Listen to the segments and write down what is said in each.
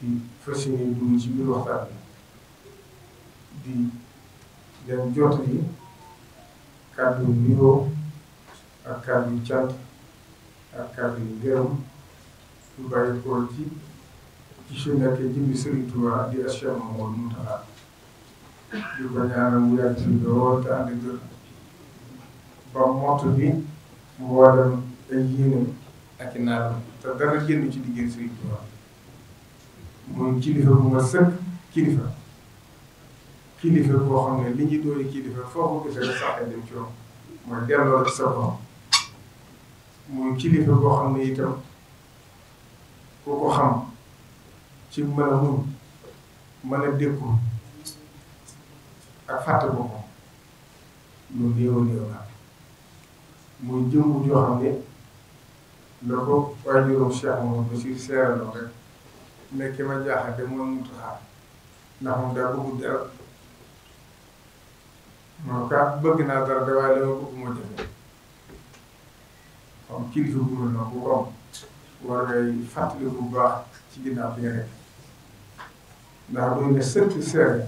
di fas yéene dugg ci biir waxtaan bi di leen jottali kàddu nuyoo ak kàddu cant ak kàddu ngërëm yu bàyyi ko ci ci su nekkee jëmmi Serigne Touba di Cheikh Mamadou Mountakha di ko ñaanal ba mott bi mu waral ay yéene ak i naaram te dara génn ci liggéey Serigne moom kilifa bu ma sëkk kilifa kilifa boo xam ne li ñuy doole kilifa foo ko gisee rek sax dem ci yoon mooy delloo ci sa borom moom xam ne itam ku ko xam ci mën a muñ mën ak fàtte boppam lu néew néew la muy jëmbu joo xam ne la ko waajuróom Cheikh moom ba si seeraloo rek ne ki ma jaaxal de mooy Muntaxa ndax moom daa bëggul dara moom kaa bëgg naa dara de waaye dama bëgg moo jafe kon kilifa bu mel noonu bu am war ngay fàttali bu baax ci ginnaaw bi nga nekk ndax buñ ne sëtu seere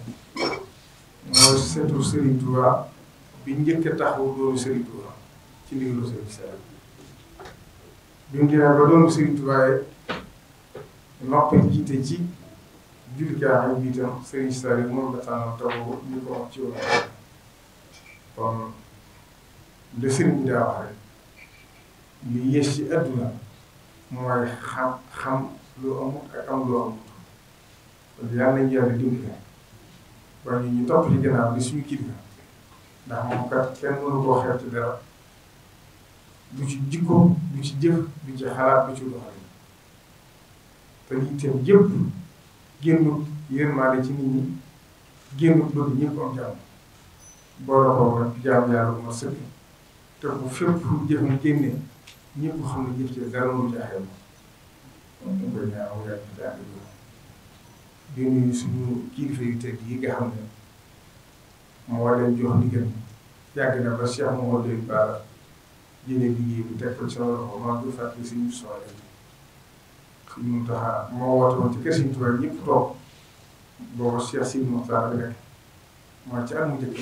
mooy sëtu Serigne Touba bi njëkk a taxawu doomu Serigne Touba ci ndigalu Serigne Seere bi mu demee ba doomu Serigne Touba yi noppi jiite ci jullit gaa xam ne itam Serigne Sary moom la tànn taw ñu ko wax ci woon kon le Serigne daa wax rek lu yées ci adduna mooy xam xam lu amut ak am lu amut kon yàlla nañu yàlla dimbali waaye ñu topp ci gànnaaw li suñu kilifa ndax moom kat kenn mënu koo xeeb ci dara du ci jikko du ci jëf du ci xalaat du ci doxal. te yitteem yëpp génnut yërmaale ci nit ñi génnut bëgg ñëpp am jàmm boole ko jaam yàlla bu ma sëkk te bu fépp jëfam génnee ñëpp xam ne jëf ci dara mu jaaxee ma ñu koy ñaaw yàlla ci daal di nuyu suñu yu tedd yi nga xam ne moo leen jox ndigal yàgg na ba Cheikh Mawal Diop Ba la liggéey bi teg ko ci sama loxo maa ngi fàttali suñu soxla Sëriñ Mountakha moo woote woon ci kër Sëriñ Tuubaa ñëpp toog boobu Cheikh Sidi Moustapha bi nekk mooy ci at mu njëkk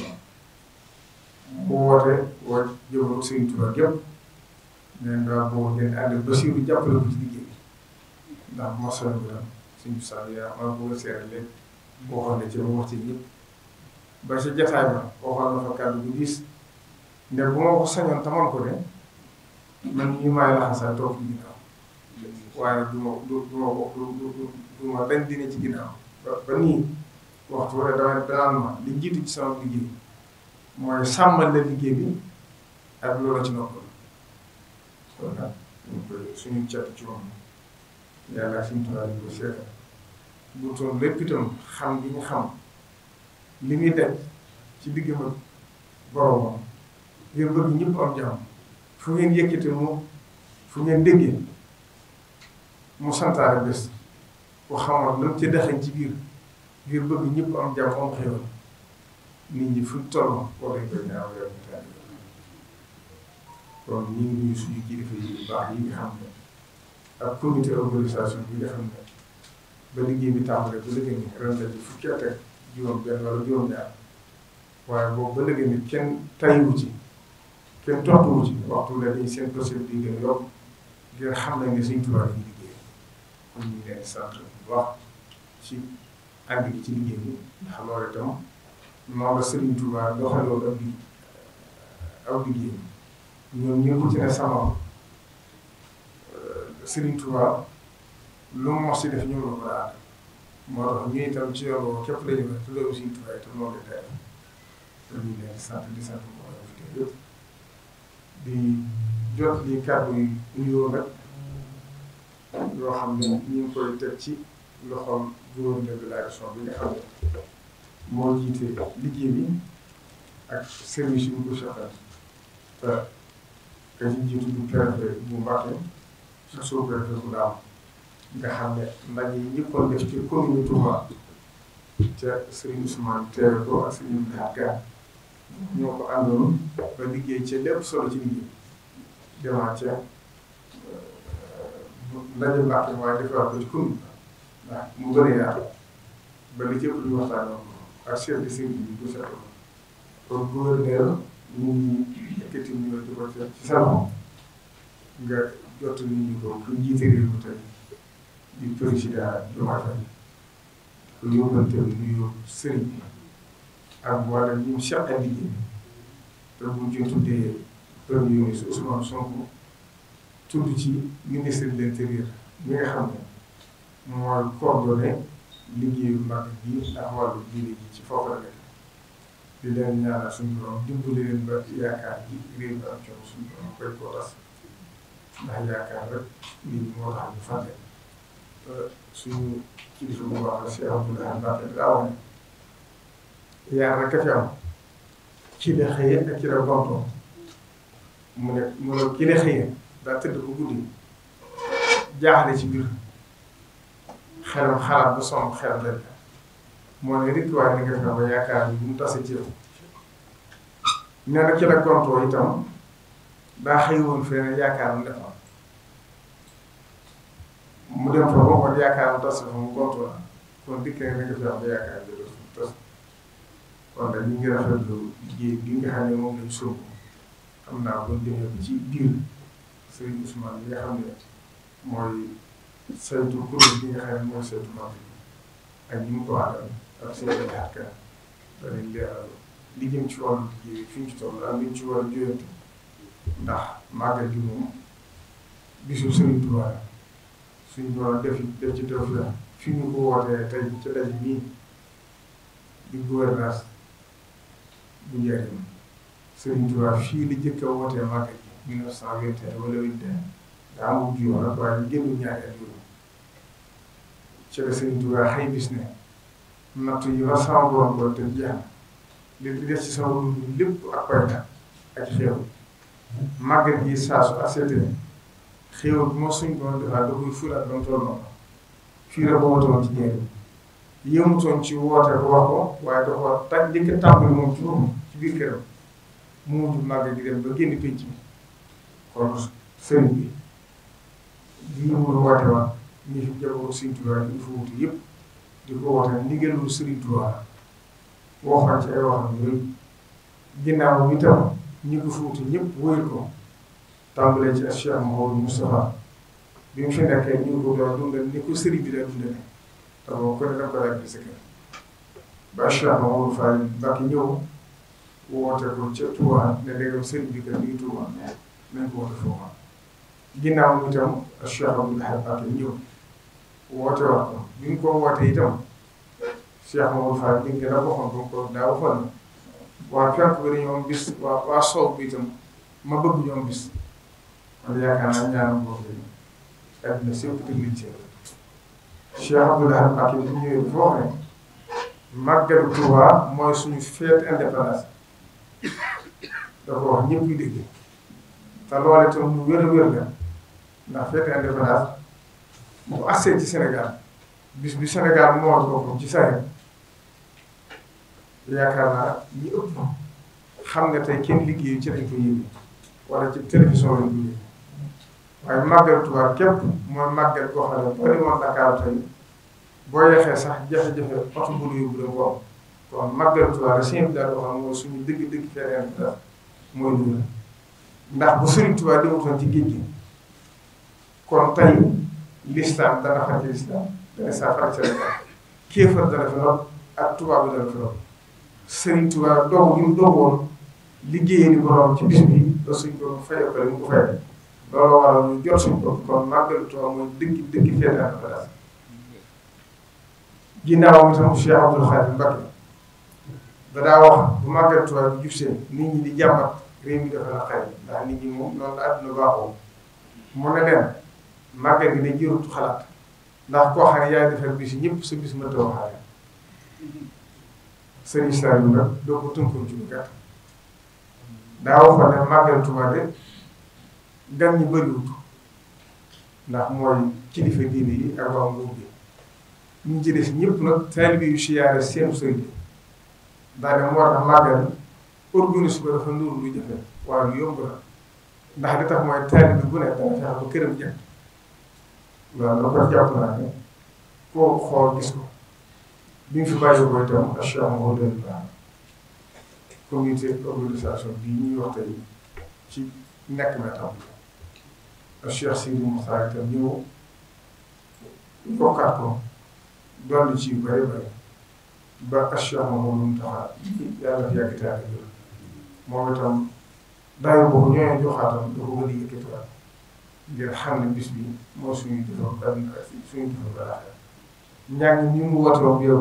mu woote woo jëwru Sëriñ Tuubaa yëpp neen daal boobu ngeen ànd ba siiru jàppale ko ci liggéey ndax bu ma soññ bi tam Sëriñ yaa ma bëgg a seere lépp waxoon na ci ba wax ci ñëpp ba si jataay ba waxoon na fa kàddu bu diis ne bu ma ko sañoon tamal ko de man ñu maay laxasaay toog ci ginnaaw waaye du ma du du du du ma benn dina ci ginnaaw ba ba nii waxtu wala dama danaan ma li jiitu ci sama liggéey mooy sàmmal la liggéey bi ak loola ci noppal kon suñu cat ci moom yàlla suñu tubaab yi ko seetal bu toon lépp itam gi ñu xam am jàmm fu ngeen yëkkate fu ngeen déggee mu santaane bés ku xamoon lu ci dexañ ci biir ngir bëgg ñëpp am jàmm am xéwal nit ñi fu toll war nañ koy ñaaw yow ñu taal kon ñu ngi suñu kilifa yu baax yi nga xam ne ak comité organisation bi nga xam ne ba liggéey bi tàmbalee ba léegi nii ren la di fukki at ak juróom-benn wala juróom waaye boobu ba léegi nii kenn tayiwu ci kenn toxtuwu ci waxtu la seen procédure bi ngeen yokk ngir xam nañ ne suñ tubaab yi. ñu ngi leen sant bu ci ànd gi ci liggéey bi ndax loolu itam moom la Serigne Touba doxaloon ak bi aw liggéey ñoom ñëpp ci ne sama Serigne Touba lu mu wax si def ñoom la ko daal moo tax ñu ci yoon boobu la ñu mel te loolu Serigne Touba itam moom la tey te ñu ngi leen di sant di sant bu baax di jot li kàddu yi nuyoo nag. yoo xam ne ñu koy teg ci loxoom gouverneur de la région bi nga xam ne moo jiite liggéey bi ak service yu ko soxal te te ñu jiitu du préfet bu Mbacké sa sous-préfet bu Ndaam nga xam ne ndaje yi ñëppoon def ci commune Touba ca ko ak Serigne Mbacké ñoo ko àndoon ba liggéey ca lépp solo ci liggéey demaa ndaje mbàkk mi waaye dafa war a ci commune ndax mu gën a yaatu ba li ci ëpp lu waxtaanoo ak chef de service bi bu seetlu kon gouverneur mu ngi ekkati mu ngi ko ci salon nga jot nit ñi ko ku jiite réew mi tey di président Diomaye Faye ñu yóbbante nuyoo sëriñ bi ak wala ñi mu seqal liggéey te bu ñu tuddee premier ministre Ousmane Sonko tudd ci ministre de l'intérieur mi nga xam ne mooy coordonné liggéeyu mag bi ndax wàllu diine ji ci foofu la nekk di leen ñaanal suñu borom dimbali leen ba yaakaar ji réew mi am coono suñu borom koy koo tas ndax rek nit ñi moo tax ñu fàtte suñu kilifa bu baax la si Abdoulaye Mbacké daa wax ne yaar rek a fi am ci la xëyee ak ci la gontoo mu ne mu ne ci la xëyee daa tëdd bu guddi jaaxle ci biir xelam xalaat bu somb xelam dem moo ne nit waaye ni ba yaakaar ni mu tase ci yow ci la kontoo itam daa xëy woon fee ne yaakaar mu defoon fa ko yaakaar mu tase fa mu kontoo la kon dikk na moom xam naa bu ñu ci diir Serigne Ousmane bi nga xam ne mooy saytu kuréel bi nga xam mooy saytu bant bi ak mu ko àndal ak seen yaakaar danañ leeral li jëm ci wàllu liggéey fi ñu ci toll ak li ñu ci war a jooyante ndax màggal gi moom bisu Serigne Touba suñu doon def def ci def la fi ñu ko wootee tey ci daje bii di gouvernance bu njëriñ Serigne Touba fii la jëkk a wootee màggal mille neuf cent vingt et un wala vingt et un daa amul juróom nag waaye ñu génn ñaari at juróom ci la Sëriñ Tuubaa xëy bis ne natt yi te jeex na lépp des ci sama borom ak payta ak xéew màggal gi saa su aseetee xéew bi moo suñ borom defaa da koy fulaat ba mu toll noonu fii la bootoon ci ñeent yëmutoon ci woote ko wax ko waaye dafa tàj njëkk a tàmbali moom ci boppam ci biir këram mu mujj màggal gi dem ba génn pénc mi kon sëñ bi lii amul woote wa ñu fi jaboru sëñ Tuubaa ñu fa wuti di ko woote ndigalul sëriñ Tuubaa waxoon ci ay waxam yooyu ginnaaw bi tam ñu ko fa wuti ñëpp wóyul ko tàmbalee ci Cheikh Mouhamadou Moustapha bi mu fi nekkee ñu ko doon dundal ni ko sëriñ bi daa dundale te boo ko def ko rek di sa kër ba Cheikh Mouhamadou Fall Mbacké ñëw même bu woote foofa ginnaaw bi itam Cheikh Abdoul Ahad Mbacké ñëw woote wax ko bi ñu ko wootee itam Cheikh Mamadou Fall bi ñu gën a waxoon ba mu ko daa waxoon na waa fekk bi dañoo bis waa waa soow bi itam ma bëgg ñoom bis man yaakaar naa ñaanam boobu la adduna sépp tëgg nañ ci Cheikh Abdoul Ahad Mbacké bi ñëwee bi foo xam ne màggalu Tuubaa mooy suñu fête indépendance dafa wax ñëpp ñu dégg te loole itam lu wér wér la ndax fête indépendance bu agsee ci Sénégal bis bi Sénégal moo boppam ci saa yaakaar naa ñi xam nga tey kenn liggéeyu ci lañ ko yëngu ci télévision lañ ko waaye màggal Tuubaa képp mooy màggal koo xam ne boo demoon Dakar tey boo yeexee sax jafe-jafe oto bu nuyu bu la ndax bu Sëriñ Tuubaa demutoon ci géej gi kon tey lislaam dana far ci lislaam dana saa far ci lislaam dana fi lool ak tubaab dana fi lool Sëriñ Tuubaa doog ñu doogoon liggéeyee ni borom ci bis bi ba suñ borom fayoo ko mu ko fayal loolu jot suñ bopp kon màggalu Tuubaa mooy dëkk dëkk fee daan fa daal ginnaawam itam Cheikh Abdoul Khadim Mbacké da daa wax bu màggalu Tuubaa bi jub seen ñi di jàmbat réew mi dafa naqari ndax nit ñi moom noonu àdduna baaxoo mun a dem màggal gi ne jërut xalaat ndax koo xam ne yaay defar bis ñëpp sa bis mënta waxaale sëriñ Saliou nag doo ko tënkoon ci lu gàtt daa waxoon ne màggal Tuubaa de gan ñi bëriwut ndax mooy kilifa diine yi ak waa nguur gi ñu ci des ñëpp nag taalibe yu siyaare seen sëriñ daa dem moo tax màggal organise ko dafa nuur luy jafe waaye lu yomb la ndax li tax mooy taalibe bu ne dana fexe ba këram jëkk loolu la ko jàpp naa ne koo xool gis ko bi ñu fi bàyyi ko itam association moo doon bi ñuy wax tey ci nekk na tam association bi mu xaar itam ñëw bokkaat ko doon ci yu bëri bëri ba association moo doon taxaw yàlla fi yàgg taalibe moom itam daaw boobu ñooñu joxaatam dafa gën a yëkkatiwaat ngir xam ne bis bi moo suñu defoon benn suñu defoon balaa njàng ñi mu woote woon yow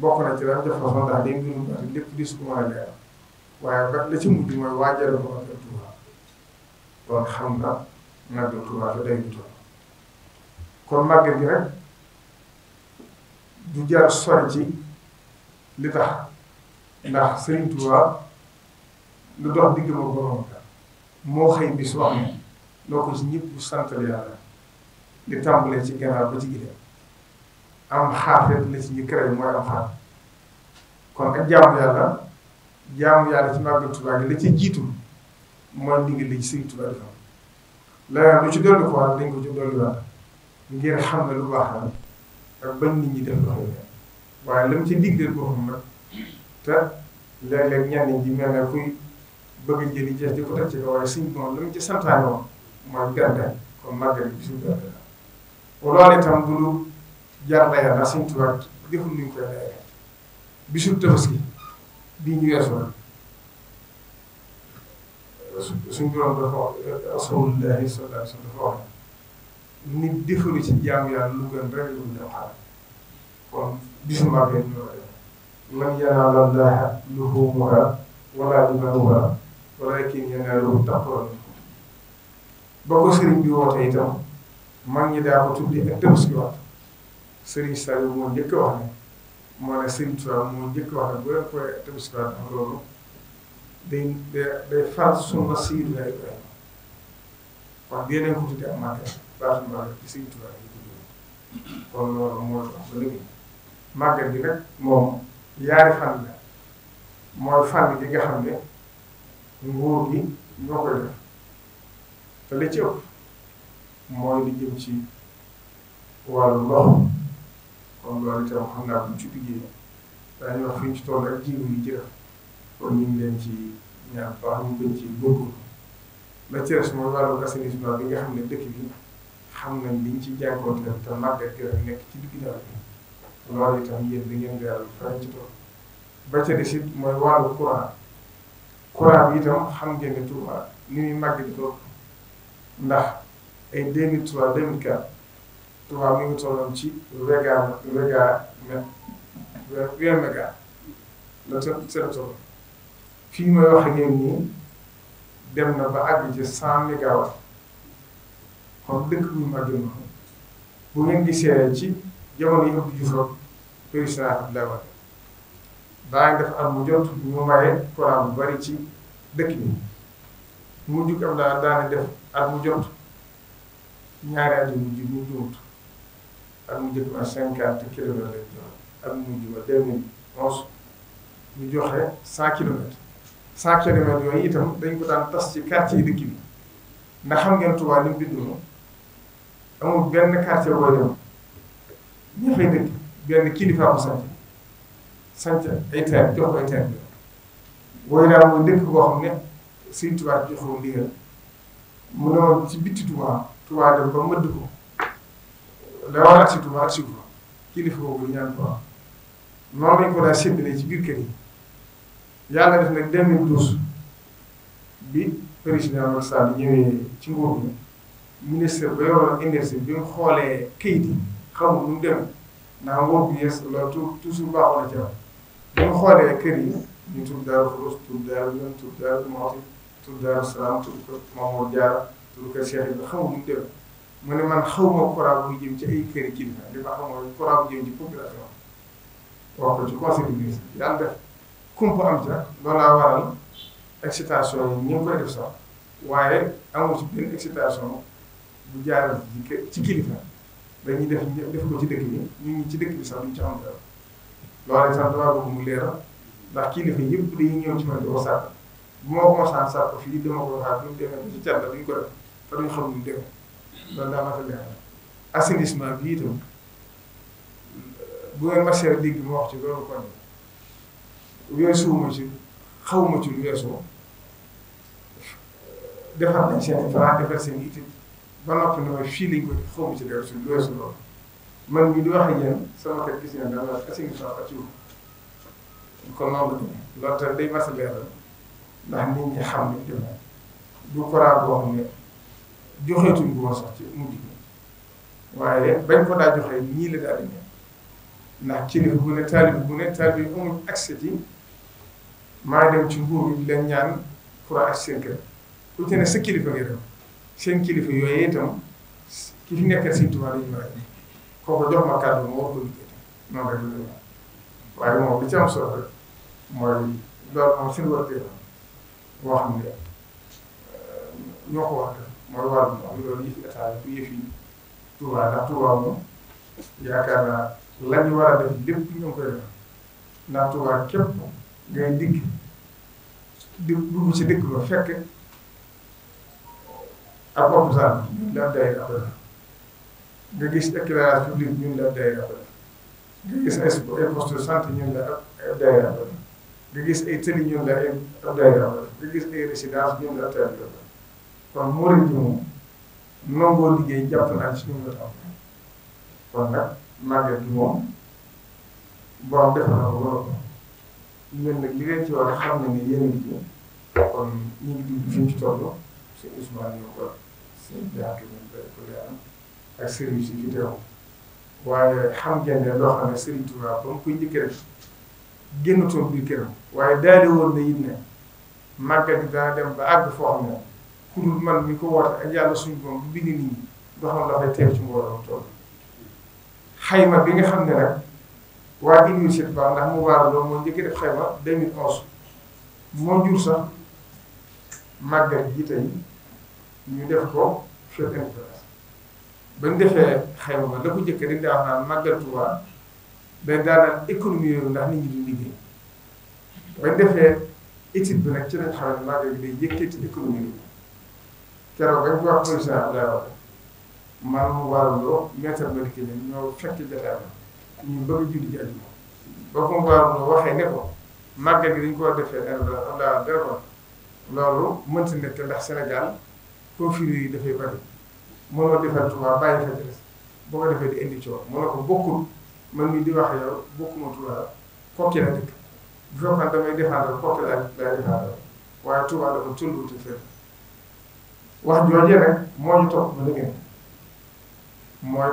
bokk na ci daal jox ko ndax day gën a lépp dis ko mën a leer waaye kon xam na nag Tuuba te day wutoon kon màggal gi rek du jar sori ci li tax ndax Sëriñ Tuuba. lu dox digg ba borom ka moo xëy bis wax ne loo ko ci ñëpp sant yàlla di tàmbalee ci gannaaw ba ci ginnaaw am xaafet la ci ñu créé mooy am ci màggal Tuubaa la li ci la lu ci dolli ko wax dañ ko ci dolli wax ngir xam ne lu baax la ak bañ nit ñi def lu xew waaye la mu ci digleel boppam nag te léeg-léeg ñenn ñi mel ne kuy bëgg njëriñ jeex di ko teg ci kaw waaye suñ moom lu mu ci santaane woon mooy gàncax kon màggal bi suñ gàncax loolu itam du lu jar la yàlla suñ tubaab deful nuñ koy layee bisu tabaski bii ñu weesu la suñ borom dafa wax rasulullahi sallallahu alayhi wasallam dafa wax nit defalu ci jaamu yàlla lu gën rek lu mu dem xaar kon bisu màggal ñu war a def man yanaala llaaha luhuumuhaa wa laa dimaa'uhaa walakin yanaaluhu taqwa ba ko sëriñ bi woote itam mag ñi daa ko tuddi ak tabaski waat sëriñ Sall moo njëkk wax ne moo ne sëriñ Tuubaa moo njëkk wax ne bu leen koy tabaski waat am loolu day day faat sunna Seydina Ibrahima wax dee nañ ko tuddi ak màggal baatu màggal ci sëriñ Tuubaa yi ko kon loolu moo tax ba léegi màggal bi nag moom yaari fànn la mooy fànn gi nga xam ne nguur gi ñoo koy def te la ci ëpp mooy li jëm ci wàllu ndox kon loolu itam xam naa bu ñu ci liggéey daañu wax fi ñu ci toll ak jiw yi ci def kon ñu ngi leen ci ñaar baax ñu gën ci góorgóorlu la ci des mooy wàllu assainissement bi nga xam ne dëkk bi xam nañ liñ ci jànkuwanteel te màggat gi nekk ci digg nawet bi loolu itam yéen da ngeen di yàlla faral ci tool ba ca des it mooy wàllu courant bi itam xam ngeen ne Touba ni muy di ko ndax ay deux mille trois deux mille quatre Touba mi ngi tolloon ci wega wega me weer méga la seen toll wax ak yéen nii dem na ba àgg ci cent mégawatt kon dëkk bu màgg noonu bu ngeen gisee ci jamono yi ëpp ju président Abdoulaye Wade daañu def am njort mu maye courant bu bari ci dëkk bi mu jug am daal def at mu jot ñaari at mu jug mu jumut at mu jëkk ma cinquante kilomètres lañ joxe mu mujj ma deux mille joxe cent kilomètres cent kilomètres itam dañ ko daan tas ci quartier yi dëkk bi ndax xam ngeen Tuubaa ni mu bindoo benn quartier boo dem ña fay dëkk benn kilifa bu sant ay teen jox ko ay teen woylaal mooy dëkk boo ne Sëriñ Tuubaa jox ko ndigal mu ne woon ci bitti Tuubaa Tuubaa dem ba mëdd ko la war ak si Tuubaa ak si ko kilifa boobu ñaan ko noonu lañ ko daa séddalee ci biir kër yàlla def nag 2012 bi président Macky Sall ñëwee ci nguur gi ministère ba yoroon indépendance bi mu xoolee kayit yi xamul nu mu naa nguur bi yees loolu toujours baaxoon na ci bi nga xoolee kër yi ñu tur Daaru Xudoos tur Daaru Lam tur Daaru Muxti tur Daaru Salaam tur kër Mamour Diarra tur kër Cheikh Ibrahima xaw ma nu mu mu ne man xaw ma courant buy jëm ci ay kër yi kilifa li ma xaw ko ci conseil du ministre yàlla def kumpa am ca loolu laa waral excitation yi ñu ngi koy sax waaye amul ci benn excitation bu jaaral ci kilifa dañuy def def ko ci dëkk bi ñu ngi ci dëkk bi sax duñ ci am dara loolu sax damaa bëgg mu leeral ndax kilifa yëpp dañuy ñëw ci man di ko sàkk bu ma ko mosaan sàkk fii dama ko waxaat ñu demee ba ci Thiel duñ ko def fa duñ xam ñu demee loolu daa ma fa leeral assainissement bi itam bu ngeen marché dégg ma wax ci loolu kon weesuwuma ci xawma ci lu weesoo defar nañ seen i plan defar seen i itam ba noppi ne ma fii lañ ko xawma ci leer suñu weesu loolu. man mii di wax ak yéen sama kër gis ngeen daanaka assainissement ak jiwu kon noonu la demee loolu tamit day mas a ndax nit ñi xam ne du courant boo xam ne joxeetuñ ko woon sax ci mujj bi waaye bañ ko daa joxee nii la daa demee ndax kilifa bu ne taalib bu ne taalib bi amul accès ci maa dem ci nguur gi ñaan courant ak seen kër ku ci sa kilifa nga dem seen kilifa yooyu itam ki fi nekkal Sëriñ Tuubaa dañu war a kooku jox ma kàddu ma war ko liggéey noonu rek la waaye moom li ci am solo rek mooy loolu moom suñu wàllu téeméer boo xam ne euh, ñoo ko wax mooy wàllu am loolu yëfi état yi yëfi Touba ndax Touba moom yaakaar naa la ñu war a def lépp ñu ngi koy def ndax Touba képp ngay dikk di dugg ci dëkk ba fekk ak opusaan ñu daan day après nga gis éclairage public ñun la daayira ba nga gis ay poste de santé ñun la ab daayira ba nga gis ay tëli ñun la ab daayira ba nga gis ay résidence ñun la ab daayira ba kon murid bi moom nangoo liggéey jàpp naa ci ñun la am kon nag màgget gi moom borom def na ko borom ñun nag li ngeen ci war a xam ne ni yéen a ngi ci kon ñu ngi dugg fi ñu ci toll suñu Ousmane ñoo ko suñu jaatu ñun ko ak sëriñ si fi waaye xam ngeen ne loo xam ne sëriñ Tuubaa ba mu koy njëkk rek génnatoon biir këram waaye daali woon na it ne màggal gi dem ba àgg foo xam ne ku dul man mi ko woote ak yàlla suñu boom bu bind nit doo xam dafay teew ci mbooloo tool xayma bi nga xam ne nag waa université mu waar loolu moo jur sax màggal gi tey ñu def ko fête ba ñu defee xayma ba la ko njëkk dañ daa wax naan màggal Tuubaa day daanaan économie yooyu ndax nit ñi duñ liggéey ba ñu defee étude bi nag ci lañ xam ne màggal bi day yëkkati économie bi keroog ko wax président Abdoulaye Wade man mu waaruloo maître Madické Niang ñoo fekk jotaay ba ñu bëgg julli ji àjjuma ko mu waxee ne ko màggal gi dañ ko defee dara dara dara loolu mënta nekk ndax Sénégal conflits yi dafay bari. mënoo defal Touba bàyyi fa des boo ko defee di indi coow mënoo ko bokkul man mii di wax yow bokkuma Touba kokki la dëkk bu fekkoon damay défendre kokki la lay défendre waaye Touba dafa tulluuti fenn wax joojee nag moo ñu topp ba léegi mooy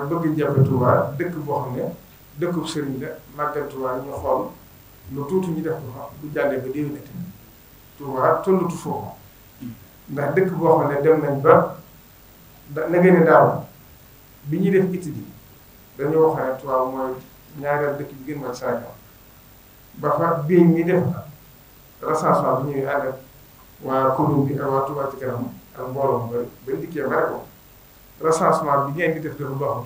dëkk boo xam ne dëkkub sëriñ la màggal Touba ñu xool lu tuuti ñu def ko fa bu jàllee ba déwénati Touba tulluutu foofu ndax dëkk boo xam ne dem nañ ba da na ngeen ne daaw bi ñuy def étude yi dañoo wax ne Tuubaa mooy ñaareel dëkk bi gën mooy Sénégal ba fa bii ñi def recensement bi ñuy ànd ak waa commune bi ak waa Tuubaa ci ak mbooloo mu ba dikkee ba rek recensement bi ngeen di def dafa baaxul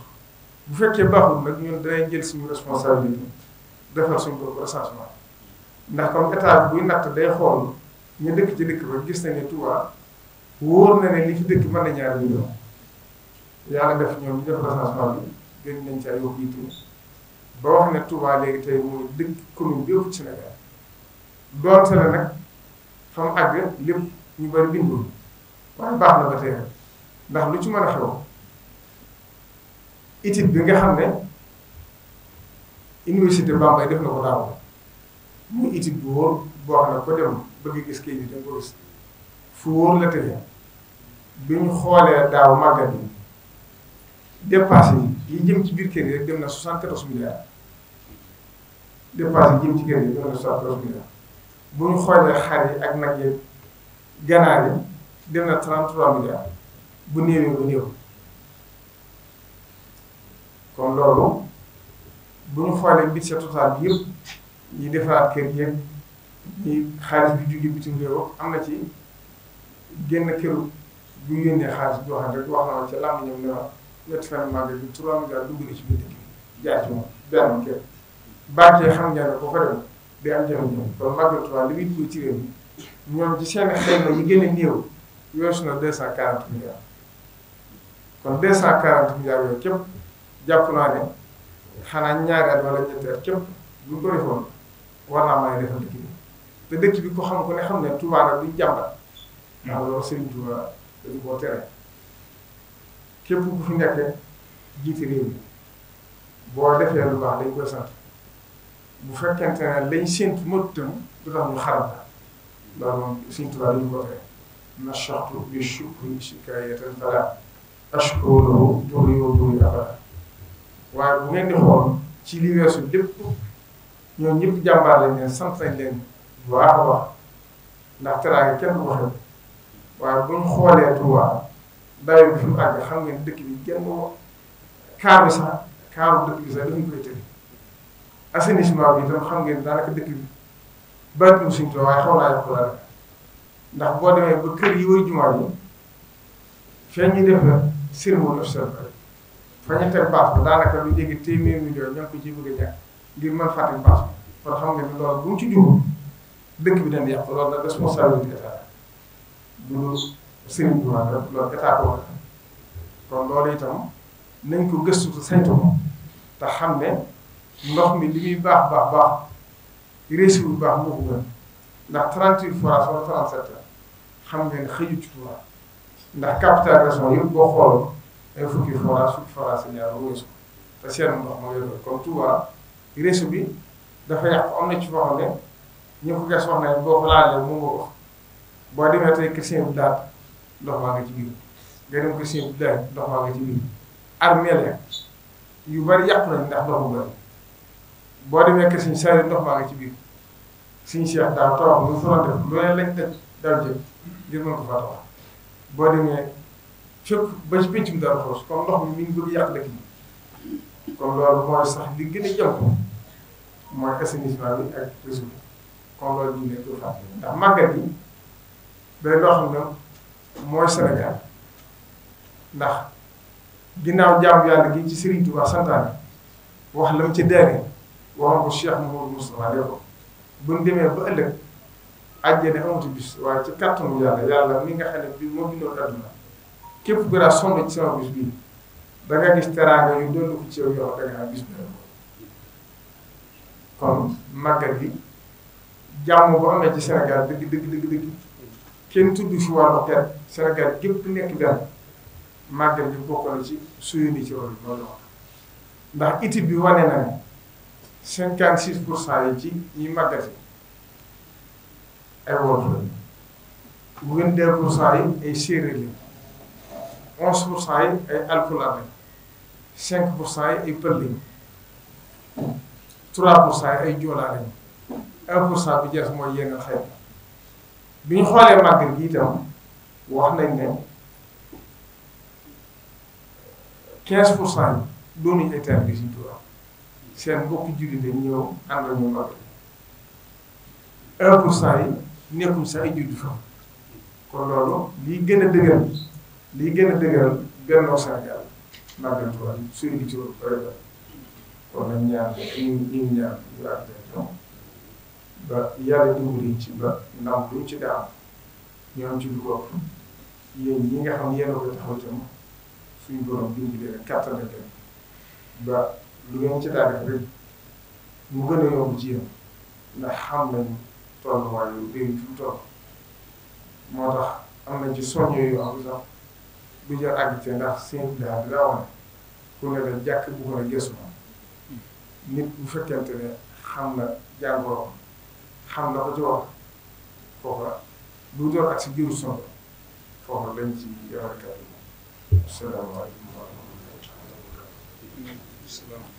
bu fekkee baaxul nag ñun danañ jël suñu responsabilité defal suñu bopp ndax comme état buy natt day xool ñu dëkk ci dëkk ba gis nañ ne Tuubaa wóor na ne li fi dëkk mën na ñaari million yàlla def ñoom ñu def recensement bi gën nañ caa yóbbu yitte ba wax ne Touba léegi tey mooy dëkk commune bi yëpp ci Sénégal doonte la nag fa mu àgg lépp ñu bari bindul waaye baax na ba tey ndax lu ci mën a xew étude bi nga xam ne université Bambey def na ko daaw muy étude bu wóor boo xam ne ko dem bëgg gis kayit yi da ko gis fu wóor la tëjee bi ñu xoolee daaw màggal yi dépassé yi jëm ci biir kër yi rek dem na 74 milliards dépassé yi jëm ci kër yi dem na 74 milliards bu ñu xoolee xar yi ak nag yi ganaar yi dem na 33 milliards bu néewee bu néew kon loolu bu ñu xoolee budget total bi yëpp ñi defaraat kër yëpp ñi xaalis bi jóge bitim réew am na ci génn këru bu yónnee xaalis boo xam wax na ma ca làmb ñoom ne ñetti fan màggal bi trois milliards dugg na ci biir dëkk bi jaar ci moom benn képp banque yi xam ngeen ne ko fa dem day am jafe-jafe kon màggal Tuubaa li muy dugg ci réew mi ñoom ci seen xayma yi gën a néew weesu na deux cent quarante milliards kon deux cent quarante milliards yooyu képp jàpp naa ne xanaa ñaari at wala ñetti at képp bu ñu ko defoon war naa mën a defal dëkk bi te dëkk bi ko xam ko ne xam ne Tuubaa nag duñ jàmbat. ndax loolu Sëriñ Tuubaa dañu koo tere. képp ku fi nekk jiite réew mi boo defee lu baax dañ koy bu fekkente ne lañ séntu mot du tax ñu xaram la loolu moom suñ tubaab dañu ko tere na soxtu bi shukri shikaayatan balaa ashkuru duru yoo duru abada waaye bu ngeen di xool ci li weesu lépp ñoom ñëpp jàmbaar lañ leen sant nañ bu baax a baax ndax teraanga kenn du ko xew waaye buñ xoolee daaw bi fi mu àgg xam ngeen dëkk bi kenn moo kaar bi sax kaaru dëkk bi sax dañu koy tëri assainissement bi itam xam ngeen daanaka dëkk bi baatum suñ ko waaye xaw naa yokk dara ndax boo demee ba kër yi wër jumaa yi feeñ ñu def na cérémonie officielle fa ñu teg baax ba daanaka lu jege téeméer million ñoo ko ciy bëgg a ñàkk ngir mën fàtte baax kon xam ngeen loolu bu mu ci jublu dëkk bi dañ di yàq loolu nag responsabilité état bu Sëriñ Tuubaa la loolu état ko wax kon loolu itam nañ ko gëstu te saytu ko te xam ne ndox mi li muy baax baax baax réussi bu baax moo ko gën ndax 38 forages wala 37 la xam ngeen xëju ci Tuubaa ndax capital région xool ay fukki bi dafa yàq am na ci foo ne ñu ko gas wax ne boo ko laalee moom nga wax boo demee tey chrétien bu daal ndox maa nga ci biir nga dem ko sëñ bi ndox maa nga ci biir armeel yu bari yàqu nañ ndax ndox mu bari boo demee que suñ saa ndox maa nga ci biir suñ Cheikh daa toog lu fa def lu leen lañ def daaw jël ngir mën faa taxaw boo demee fépp ba ci pénc mi daal xoos comme ndox mi mi ngi bëgg yàq dëkk bi comme loolu mooy sax li gën a jëm ko mooy assainissement bi comme loolu ñu nekk ko fàtte ndax màggat yi day loo xam mooy Sénégal ndax ginnaaw jaamu yàlla gi ci Serigne Touba wax la mu ci deere waxoon ko Cheikh Mouhamadou Moustapha ne ko bu ñu demee ba ëllëg àjjana amatu bis waaye ci kàttanu yàlla yàlla mi nga xam bi moo bindoon adduna képp ku daa sonn ci sama bis bii da gis teraanga yu doon ko ci yow yoo da nga gis beneen kon màggal gi jàmm bu amee ci Sénégal dëgg dëgg dëgg kenn tudd fi wàllu benn Sénégal gépp nekk benn màggal gi bokk na ci suñu ni ci woon loolu ndax étude bi wane na ne cinquante six pour cent yi ci ñi màggal ay wolof la vingt deux pour cent yi ay séeréer la onze pour cent yi ay alpulaar la cinq pour cent yi ay pël lañ trois pour cent yi ay joolaa lañ un pour cent bi jeex mooy yenn xeet bi ñu xoolee màggal gi itam wax nañ ne quinze pour cent doonuñu hectare bi Sëriñ Tuubaa seen bokk jullit dañ ñëw ànd ak ñu màggal un pour cent yi nekkul sax ay jullit fa kon loolu lii gën a dëgëral lii gën a dëgëral bennoo Sénégal màggal Tuubaa suy di ci war kon nag ñaar ñu ñu ñaar ñu ànd ba yàlla dimbali ci ba ndam luñ ci daa ñu am ci lu ko yéen ñi nga xam yéen a ko taxaw itam suñu borom dimbali leen kàttan ak ba lu ngeen ci daa def mu gën a yomb ci yéen ndax xam nañu tolluwaayu réew mi fi mu toll moo tax am nañ ci soññoo yu am sax du jar àgg te ndax seen daa bi daa ku ne la jàkk bu ko a gëstu hmm. nit bu fekkente ne xam na jàngoroom xam la ko ci wax foofa bu ñu doon ak si biiru Sonko foofa lañ ci yaakaar salaamaaleykum wa rahmatulah